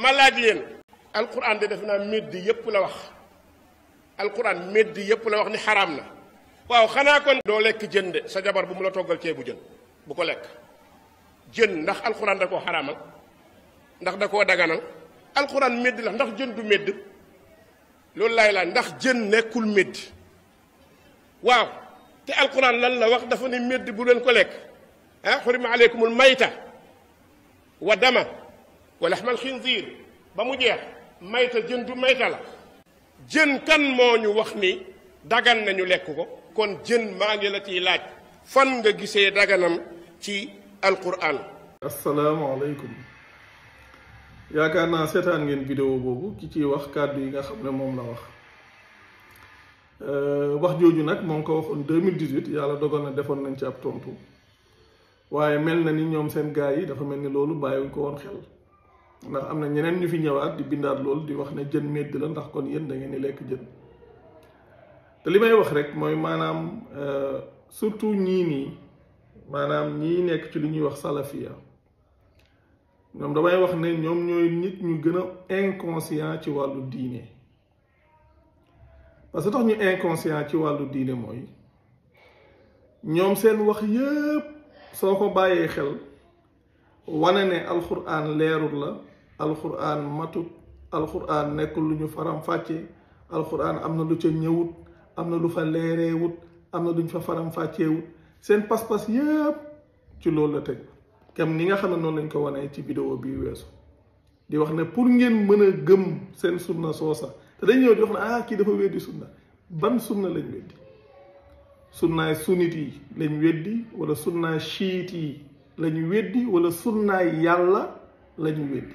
ma laaj leen alquran de defna meddi médd yépp la wax alquran meddi yépp la wax ni xaraam na waaw xanaa kon doo lekk jën de sa jabar bu mu la toggal bu jën bu ko lekk jën ndax alquran da koo xaraamal ndax da koo daganal alquran médd la ndax jën du médd loolu laay laaj ndax jën nekkul médd waaw te alquran lan la wax dafa ni médd bu leen ko lekk ah xurima alaykumul mayta wa dama walaxmal xinziir ba mu jeex mayta jën du mayta la jën kan moo ñu wax ni dagan nañu lekk ko kon jën maa ngi la ciy laaj fan nga gisee daganam ci alquran asalaamaaleykum yaakaar naa seetaan ngeen vidéo boobu ki ciy wax kàddu yi nga xam ne moom la wax wax jooju nag moo ngi ko waxoon 2018 yàlla dogal na defoon nañ ci ab tontu waaye mel na ni ñoom seen gaay yi dafa mel ni loolu bàyyiwuñ ko woon xel ndax am na ñeneen ñu fi ñëwaat di bindaat loolu di wax ne jën medd la ndax kon yéen da ngeen di lekk jën te li may wax rek mooy maanaam euh, surtout ñii nii maanaam ñii nekk ci lu ñuy wax salafiya ñoom damay wax ne ñoom ñooy nit ñu gën a inconscient ci wàllu diine parce que tax ñu inconscient ci wàllu diine mooy ñoom seen wax yépp soo ko bàyyee xel wane ne alxuraan leerul la alxuraan matut alxuraan nekkul lu ñu faram fàcce alxuraan am na lu ca ñëwut am na lu fa leereewut am na duñ fa faram fàcceewut seen pas-pas yépp ci loolu la teg kam ni nga xam ne noonu lañ ko wane ci vidéo bii weesu di wax ne pour ngeen mën a gëm seen sunna soosa te dañ ñëw di wax ne ah kii dafa weddi sunna ban sunna lañ weddi sunnaay sunit yi lañ weddi wala sunnaay chiit yi lañu weddi wala sunna yàlla lañu weddi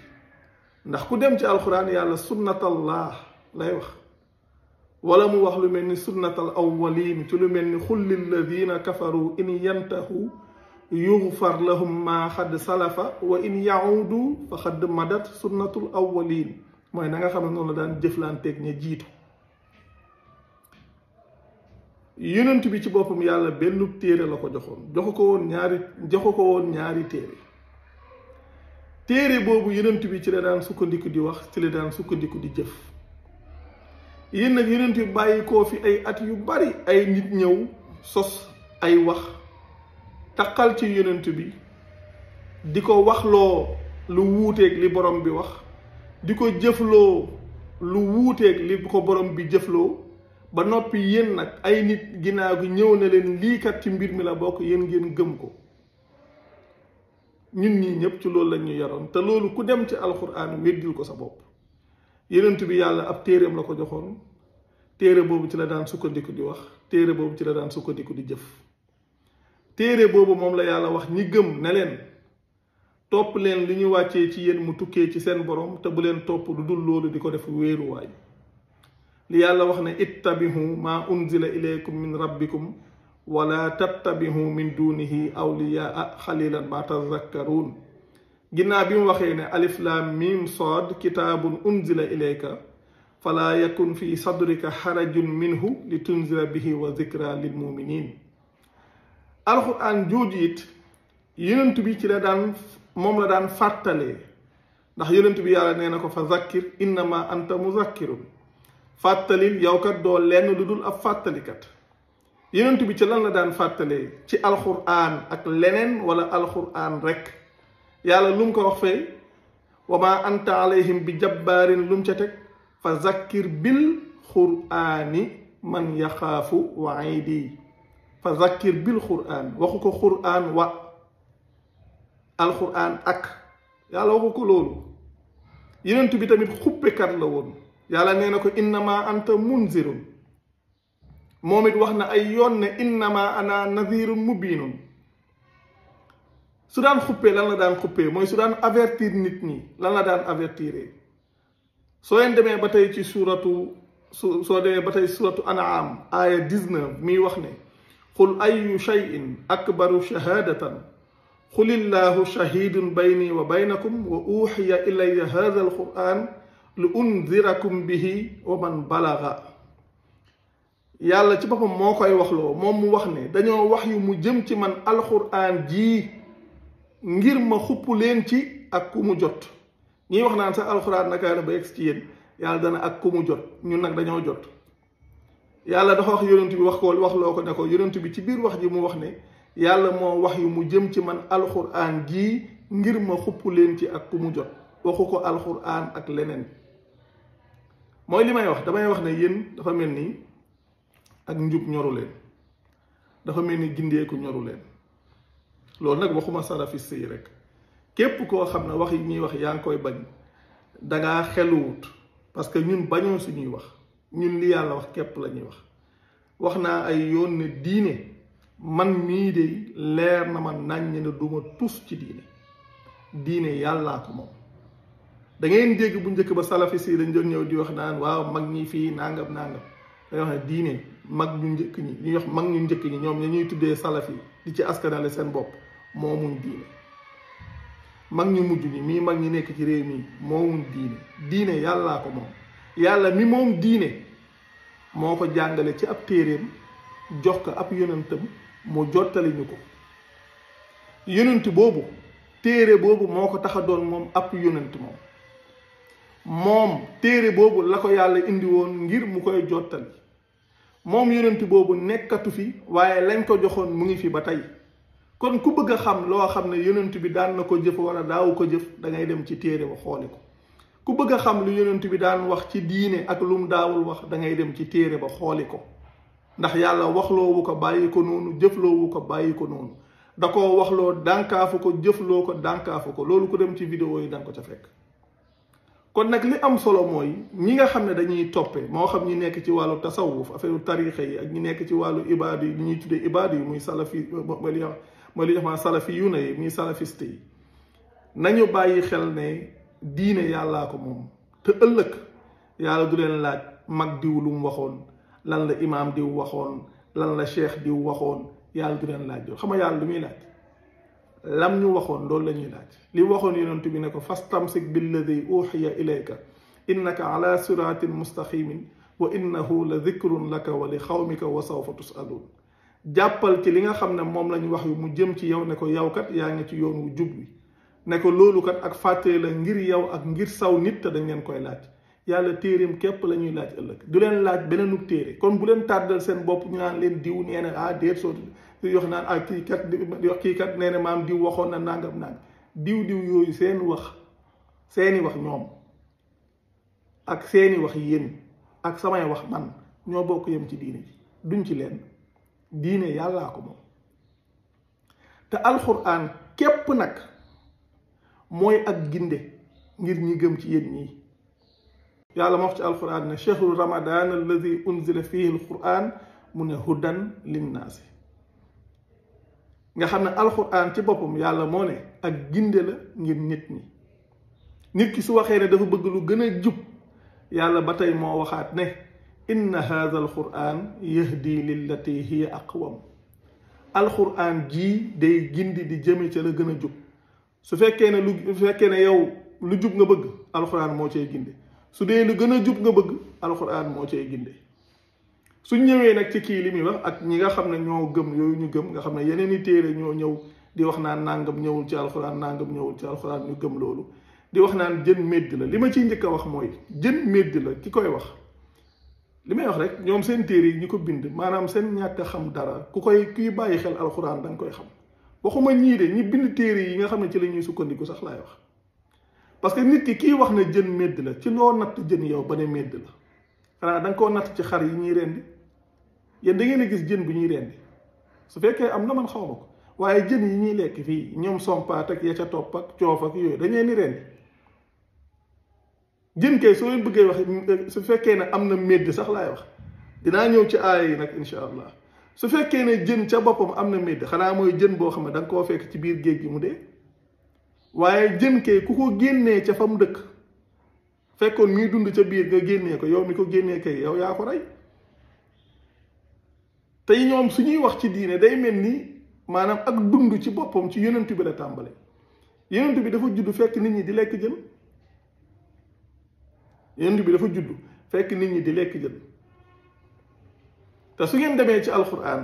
ndax ku dem ci alquran yàlla sunnatallah lay wax wala mu wax lu melni ni sunnatal awwalin ci lu melni ni xul lilladina kafaru in yantahu yughfar lahum ma khad salafa wa in yaudu fa khad madat sunnatul awwalin moy na nga xamne non la daan jëflanteeg ña jitu yenent bi ci boppam yàlla benn téere la ko joxoon joxo ko woon ñaari joxo ko woon ñaari téere téere boobu yenent bi ci la daan sukkandiku di wax ci la daan sukkandiku di jëf yéen nag yenent bi bàyyi koo fi ay at yu bari ay nit ñëw sos ay wax taqal ci yenent bi di ko waxloo lu wuuteeg li borom bi wax di ko jëfloo lu wuuteeg li ko borom bi jëfloo ba noppi yéen nag ay nit ginnaaw gi ñëw na leen lii kat ci mbir mi la bokk yéen ngeen gëm ko ñun ñii ñëpp ci loolu lañ ñu yaroon te loolu ku dem ci alquran weddil ko sa bopp yenent bi yàlla ab téeréem la ko joxoon téere boobu ci la daan sukkandiku di wax téere boobu ci la daan sukkandiku di jëf téere boobu moom la yàlla wax ñi gëm ne leen topp leen li ñu wàccee ci yéen mu tukkee ci seen borom te bu leen topp du dul loolu di ko def wéeruwaay li wax ne ittabihu maa unzila ilaykum min rabbikum wala tattabihu min dunihi awliyaa xalilan ma tazakkaruun ginnaaw bi mu waxee ne alif laam miim sood kitaabun unzila ilayka falaa yakun fi sadrika xarajun minhu li tunzira bihi wa lil muminin alxuraan jooju it yonent bi ci la daan moom la daan fàttalee ndax yonent bi yàlla nee na ko fa zakkir innama anta fàttalil yow kat do len lu dul ab fàttalikat yonent bi ci lan la dan fatale ci alquran ak lenen wala alquran rek yàlla lum ko wax fe wa ma anta alayhim bi jabbaarin lu mu ca fa zakkir bil quran man yaxaafu waayidi fa zakkir bil quran waxu ko xuraan wa alquran ak yàlla waxu ko loolu yonent bi tamit kat la won yàlla nee innama anta munzirun momit waxna ay yonne ne innama ana nadirun mubinun sudan xuppe lan la dan xuppe moy sudan avertir nit ñi lan la dan avertiree so en deme batay ci suratu so deme batay suratu an'am aya 19 mi waxne qul ayu shayin akbaru shahadatan qul illahu shahidun bayni wa baynakum wa uxiya ilaya lu undirakum bihi wa man balaga yàlla ci boppam moo koy waxloo moom mu wax ne dañoo wax yu mu jëm ci man alxuraan jii ngir ma xupp leen ci ak jot ñiy wax naan sax alxuraan naka ba yegg yéen yàlla ak ku mu jot ñun nag dañoo jot yàlla dafa wax bi wax ko wax ko ne ko bi ci biir wax ji mu wax ne yàlla moo wax yu mu jëm ci man alxuraan jii ngir ma xupp leen ci ak ku mu jot waxu ko alxuraan ak leneen mooy li may wax damay wax ne yéen dafa mel ni ak njub ñoru dafa mel ni gindeeku ñoru leen loolu nag waxuma salafiste yi rek képp koo xam ne wax yi ñuy wax yaa ngi koy bañ dangaa xeluwut parce que ñun bañoo ñuy wax ñun li yàlla wax képp la ñuy wax wax naa ay yoon ne diine man mii de leer na ma nàññ ne duma tus ci diine diine yàllaa ko moom da ngeen dégg bu njëkk ba salafis yi dañ doon ñëw di wax naan waaw mag ñi fii nangam nangam dañuy wax diine mag ñu njëkk ñi ñuy wax mag ñu njëkk ñi ñoom ña ñuy tuddee salaf yi di ci askanale seen bopp moomuñ diine mag ñu mujj ñi mii mag ñi nekk ci réew mi moomuñ diine diine yàllaa ko moom yàlla mi moom diine moo ko jàngale ci ab téereem jox ko ab yonentam mu jottali ñu ko yonent boobu téere boobu moo ko tax a doon moom ab yonent moom moom téere boobu la ko yàlla indi woon ngir mu koy jottali moom yonent boobu nekkatu fi waaye lañ ko joxoon mu ngi fi ba tey kon ku bëgg a xam loo xam ne yonent bi daan na ko jëf wala daawu ko jëf dangay dem ci téere ba xooli ko ku bëgg xam lu yonent bi daan wax ci diine ak lu mu daawul wax da ngay dem ci téere ba xooli ko ndax yàlla waxloowu ko bàyyi ko noonu jëfloowu ko bàyyi ko noonu da koo waxloo dànkaafu ko jëfloo ko dànkaafu ko loolu ku dem ci vidéo yi danga ko ca fekk kon nak li am solo moy ñi nga xamne dañuy topé mo xam ñi nekk ci walu tasawuf affaire tarixa yi ak ñi nekk ci walu ibaadu yi ñi tuddé ibaadu yi muy salafi mooy li ma salafi yu ne yi muy salafiste yi nañu bàyyi xel ne diine yalla ko mom te ëlëk yàlla du leen laaj mag di wu lu mu waxoon lan la imaam diw waxoon lan la cheikh diw waxoon yàlla du leen laaj xam nga yàlla lu muy laaj lam ñu waxoon loolu la ñuy laaj li waxoon yonent bi ne ko fastamsik billadi uuxiya ilayka innaka ala siraatin mustaqimin wa innahu la dikrun laka wa li xawmika wa sawfa tusaluun jàppal ci li nga xam ne moom lañ wax yu mu jëm ci yow ne ko yow kat yaa ngi ci yoon wu jub wi ne ko loolu kat ak fàtte la ngir yow ak ngir saw nit te dañ leen koy laaj yàlla téereem képp lañuy laaj ëllëg du leen laaj beneen beneenub téere kon bu leen tàddal seen bopp ñu naan leen diw nee na ah déet di wax naan ak kii kat di wax kii kat nee na maam diw waxoon na nangam nangam diw diw yooyu seen wax seeni wax ñoom ak seeni wax yéen ak samay wax man ñoo bokk yem ci diine ji duñ ci leen diine yàllaa ko moom te alxuraan képp nag mooy ak ginde ngir ñi gëm ci yéen ñi yàlla moo wax ci alxuraan ne chehru ramadan alladi unzila fihi alquran mu ne hudan linnaasi nga xam ne alxuraan ci boppam yàlla moo ne ak ginde la ngir nit ñi nit ki su waxee ne dafa bëgg lu gën a jub yàlla ba tey moo waxaat ne inna haadha alxuraan yahdi lillati hiya aqwam alxuraan jii day gindi di jëme ca la gën a jub su fekkee ne lu fekkee ne yow lu jub nga bëgg alxuraan moo cee ginde su dee lu gën a jub nga bëgg alxuraan moo cee ginde suñ ñëwee nag ci kii li muy wax ak ñi nga xam ne ñoo gëm yooyu ñu gëm nga xam ne yeneen i téere ñoo ñëw di wax naan nàngam ñëwul ci alxuraan nàngam ñëwul ci alxuraan ñu gëm loolu di wax naan jën médd la li ma ciy njëkk a wax mooy jën médd la ki koy wax li may wax rek ñoom seen téere yi ñi ko bind maanaam seen ñàkk a xam dara ku koy kuy bàyyi alxuraan da koy xam waxuma ñii de ñi bind téere yi nga xam ne ci la ñuy sukkandiku sax laay wax parce que nit ki kii wax na jën médd la ci loo natt jën yow ba ne médd la xanaa da nga koo natt ci xar yi ñuy rend yéen da ngeen gis jën bu ñuy rendi su fekkee am na man xaw ma ko waaye jën yi ñuy lekk fii ñoom sompaat ak ya ca topp ak coof ak yooyu dañu leen di jën kay soo leen bëggee wax su fekkee ne am na medd sax laay wax dinaa ñëw ci aaya yi nag incha allah su fekkee ne jën ca boppam am na médd xanaa mooy jën boo xam ne da koo fekk ci biir géej gi mu dee waaye jën kay ku ko génnee ca fa mu dëkk fekkoon muy dund ca biir nga génnee ko yow mi ko génnee kay yaw yaa ko rey tey ñoom su ñuy wax ci diine day mel ni maanaam ak dund ci boppam ci yonent bi la tàmbale yonent bi dafa judd fekk nit ñi di lekk jën yonent bi dafa judd fekk nit ñi di lekk jën te su ngeen demee ci alxuraan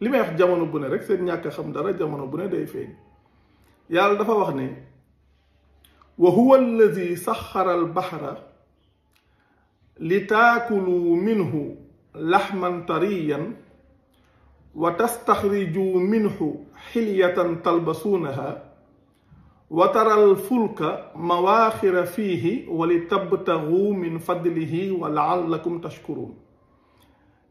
li may wax jamono bu ne rek seen ñàkk xam dara jamono bu ne day feeñ yàlla dafa wax ne وهو الذي سخر البحر لتاكلوا منه لحما طريا وتستخرجوا منه حلية تلبسونها وترى الفلك مواخر فيه ولتبتغوا من فضله ولعلكم تشكرون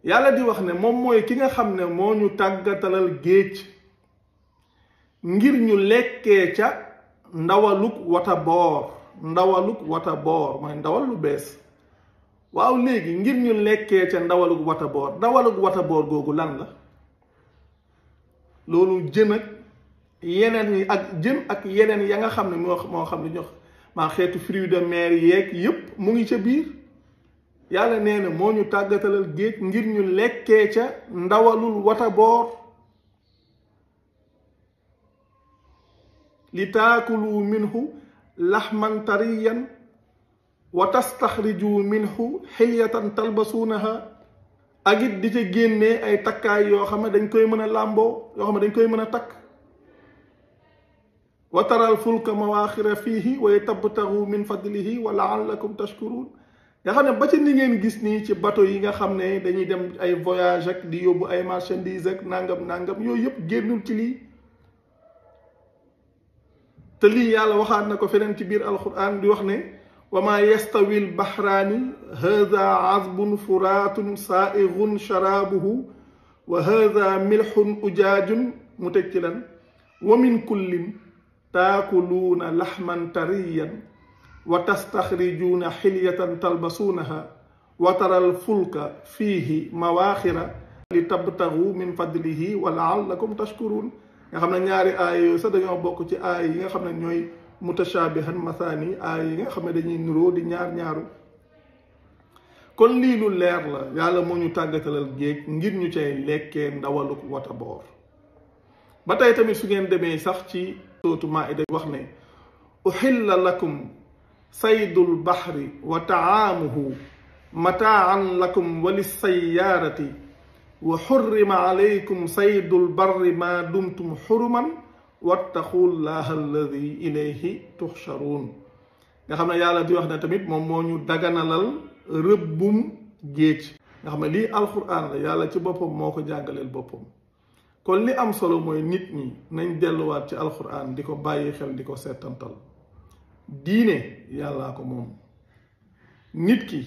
يالا دي wax موم موي كيغا خامن مو نيو تاغاتال جيج ngir ñu lekké ca ndawalug wata boor ndawalug wata boor mooy ndawal lu bees waaw léegi ngir ñu lekkee ca ndawalug wata boor ndawalug wata boor googu lan la loolu jën ak yeneen ak jën ak yeneen ya nga xam ne moo xam ne ñoo maa xeetu fruits de mer yeeg yépp mu ngi ca biir yàlla nee na moo ñu tàggatalal géej ngir ñu lekkee ca ndawalul wata boor لتاكلوا منه لحما طريا وتستخرجوا منه حلية تلبسونها أجد دي تي ген اي تاكا يو خما دنج كوي مانا لامبو يو خما دنج كوي مانا تاك وترى الفلك مواخر فيه ويتبتغوا من فضله ولعلكم تشكرون يا خنا با تي ني نين غيس ني سي باتو ييغا خما ني دنج ديم اي فواياج اك دي يوبو اي مارشانديز اك نانغام نانغام يو ييب генول تي لي تلي يالا وخات نكو فنن تي بير القران دي وخني وما يستوي البحران هذا عذب فرات سائغ شرابه وهذا ملح اجاج متكلا ومن كل تاكلون لحما طريا وتستخرجون حلية تلبسونها وترى الفلك فيه مواخر لتبتغوا من فضله ولعلكم تشكرون nga xam ne ñaari aay yooyu sax dañoo bokk ci aay yi nga xam ne ñooy mutashaabihan masaani aay yi nga xam ne dañuy nuroo di ñaar ñaaru kon lii leer la yàlla moo ñu tàggatalal géej ngir ñu cay lekkee ndawaluk wata boor ba tey tamit su ngeen demee sax ci sootu maida wax ne uhilla lakum saydul bahri wa taamuhu mataan lakum walis sayaarati وحرم عليكم صيد البر ما دمتم حرما واتقوا الله الذي اليه تحشرون nga xamna yàlla di wax na tamit mom moñu daganalal rëbbum géej nga xamna li alquran la yàlla ci bopom moko ko bopom kon li am solo moy nit ñi nañ delu wat ci alquran diko ko bàyyi xel diko setantal diine yalla ko mom nit ki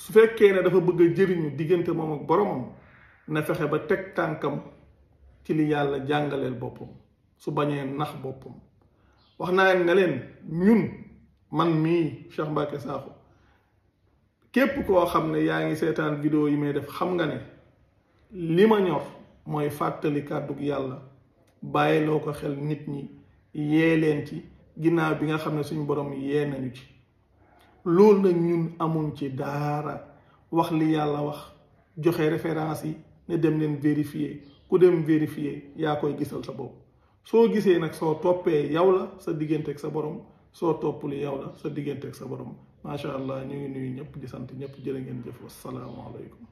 su fekke ne dafa bëgg jëriñu digënté mom ak boromam na fexe ba teg tànkam ci li yàlla jàngaleel boppam su bañee nax boppam wax naa ne leen ñun man mii Cheikh Mbacké Sakho képp koo xam ne yaa ngi seetaan vidéo yi may def xam nga ne li ma ñor mooy fàttali kàddu yàlla bàyyiloo ko xel nit ñi yee leen ci ginnaaw bi nga xam ne suñu borom yee nañu ci loolu nag ñun amuñ ci daara wax li yàlla wax joxe référence yi ne dem leen vérifier ku dem vérifier yaa koy gisal sa bopp soo gisee nag soo toppee yow la sa diggante digganteeg sa borom soo toppuli yow la sa diggante digganteeg sa borom macha allah ñu ngi nuyu ñëpp di sant ñëpp jërë ngeen jëf wassalaamu aleykum